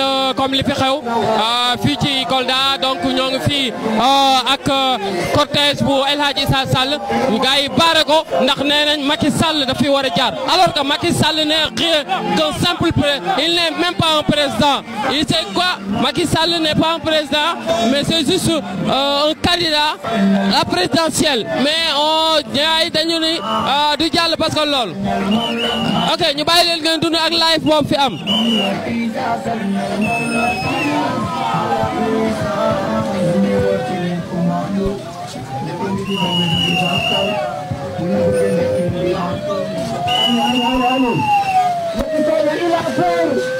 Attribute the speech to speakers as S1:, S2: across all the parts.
S1: Euh, comme li fi xew euh, fii ci colda donc ñong fi euh, ak cortège pour El Hadji Issa Sall gars yi baare ko ndax nenañ Macky Sall da fi alors que Macky Sall n'est rien qu'un simple il n'est même pas un président il sait quoi Macky Sall n'est pas un président mais c'est juste un candidat à présidentiel. mais on gars dañu ni di jàll parce que loolu ok ñu bàyyi leen ngeen dund ak live moom fi am Thank you.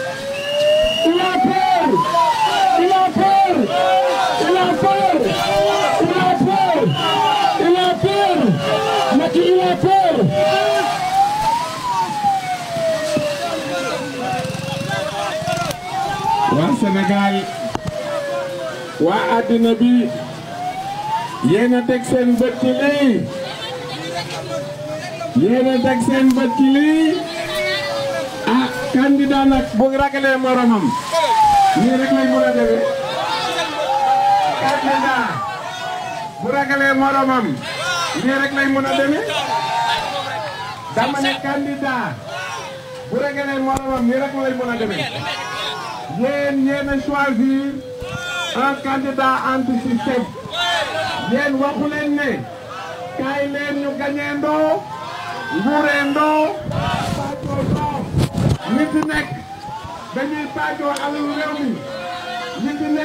S1: Sénégal wa adina bi yéen tek sen seen li ci tek sen a li seen ah candidat nak bu ragalé moromam ni rek lay mëna a candidat bu ragalé moromam ni rek lay mëna a dama né candidat bu ragalé moromam ni rek lay mëna a yéen yéen a choisir un candidat anti-système yéen waxu leen ne kaay leen ñu gañeendoo nguureendoo paajoo doom ñi ci nekk paajoo alalu réew mi ñi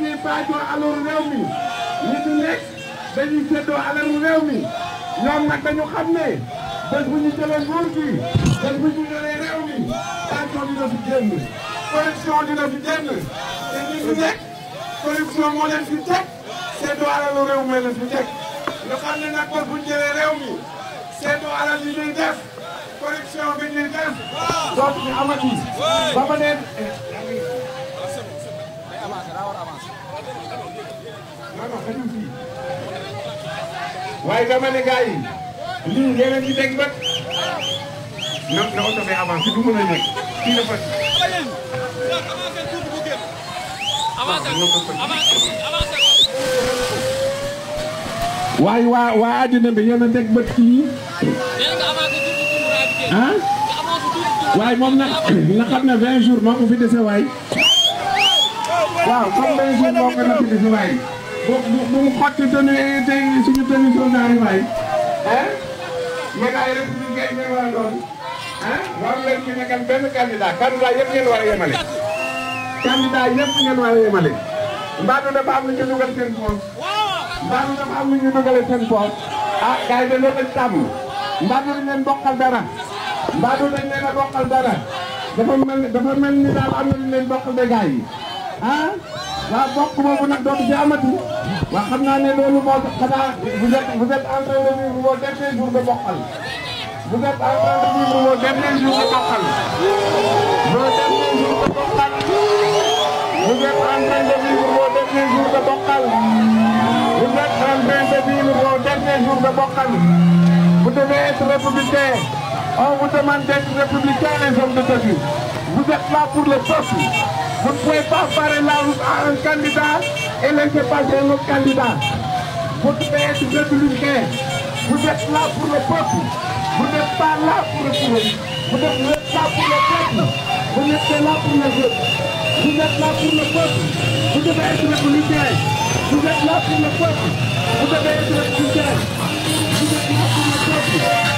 S1: ci paajoo alalu réew mi ñi ci nekk dañuy séddoo alalu ñoom nag dañu xam ne bés ñu jëlee nguur gi ñu jëlee réew mi paajoo bi dafa génn corruption dina fi génn te ñi fi nekk corruption moo leen fi teg seetoo alalu réew mi leen fi teg ñu ne nag bés bu ñu jëlee réew mi seetoo alal yi ñuy def corruption bi ñuy def dootuñu amati ba ma ne waaye dama ne gars yi lii yéen a ngi dégg bët na na oto bi du mën a nekk kii la fa waaye waa waa àddina bi yéen a nekk bët kii ah waaye moom nag na xam ne 20 jours moo fi dese waay waaw comme 20 jours moo ko na fi dese waay bu bu mu xotti tenue tey suñu tenue soldat yi waay ah mais ay république ngay war a ah waru leen fi nekkal benn candidat candidat yëpp ngeen war a yemale. candidat yëpp ngeen war a yemale. mbaadu dafa am lu ñu dugal seen poos. mbaadu dafa am lu ñu dugal seen poos. ah gars yi de loolu lañ tàmm. mbaadu dañ leen bokkal dara. mbaadu dañ leen a bokkal dara. dafa mel ni dafa mel ni daal am na lu leen bokkal de gars yi. ah waaw bokk boobu nag dootu ci amati. waaw xam naa ne loolu moo xanaa vous êtes vous êtes en train de vivre vos derniers jours de bokkal. Vous êtes en train de vivre vos derniers jours de Bokal. Vos derniers jours de Bokal. Vous êtes en train de vivre vos derniers jours de Bokal. Vous êtes en train de vivre vos derniers jours de Bokal. Vous devez être républicain. On vous demande d'être républicain, les hommes de Jésus. Vous êtes là pour le peuple. Vous ne pouvez pas faire la route à un candidat et laisser passer un autre candidat. Vous devez être républicain. Vous êtes là pour le peuple. Vous n'êtes pas là pour le tourisme. Vous n'êtes là pour le peuple. Vous n'êtes là pour les autres. Vous êtes là pour le peuple. Vous devez être républicain. Vous êtes là pour le peuple. Vous devez être Vous êtes là pour le peuple.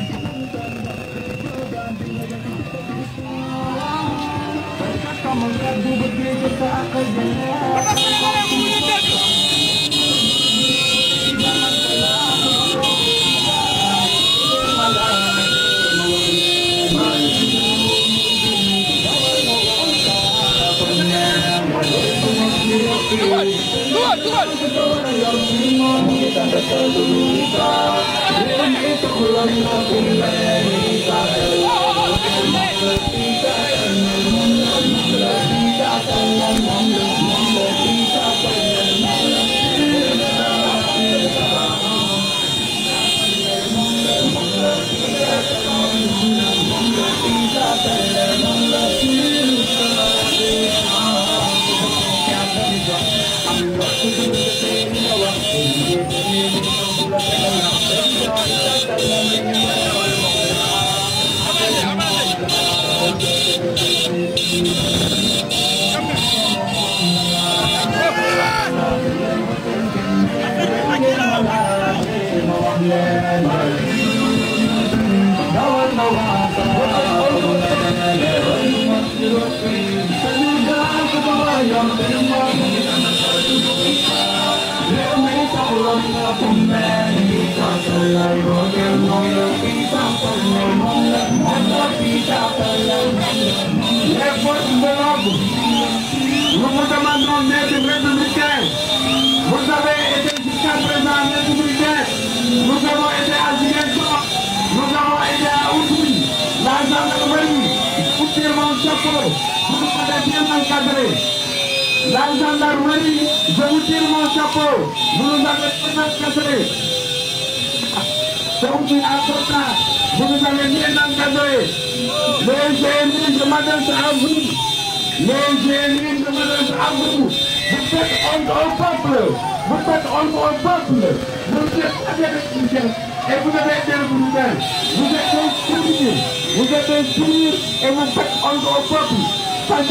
S1: Come on, come on! Thank you. La gendarmerie, je vous tire mon chapeau, vous nous avez Donc, à vous avez Les je m'adresse à vous. Les je m'adresse à vous. Vous faites honte au peuple. Vous faites Vous et vous devez être vous Vous êtes un vous êtes un sourire et vous faites honte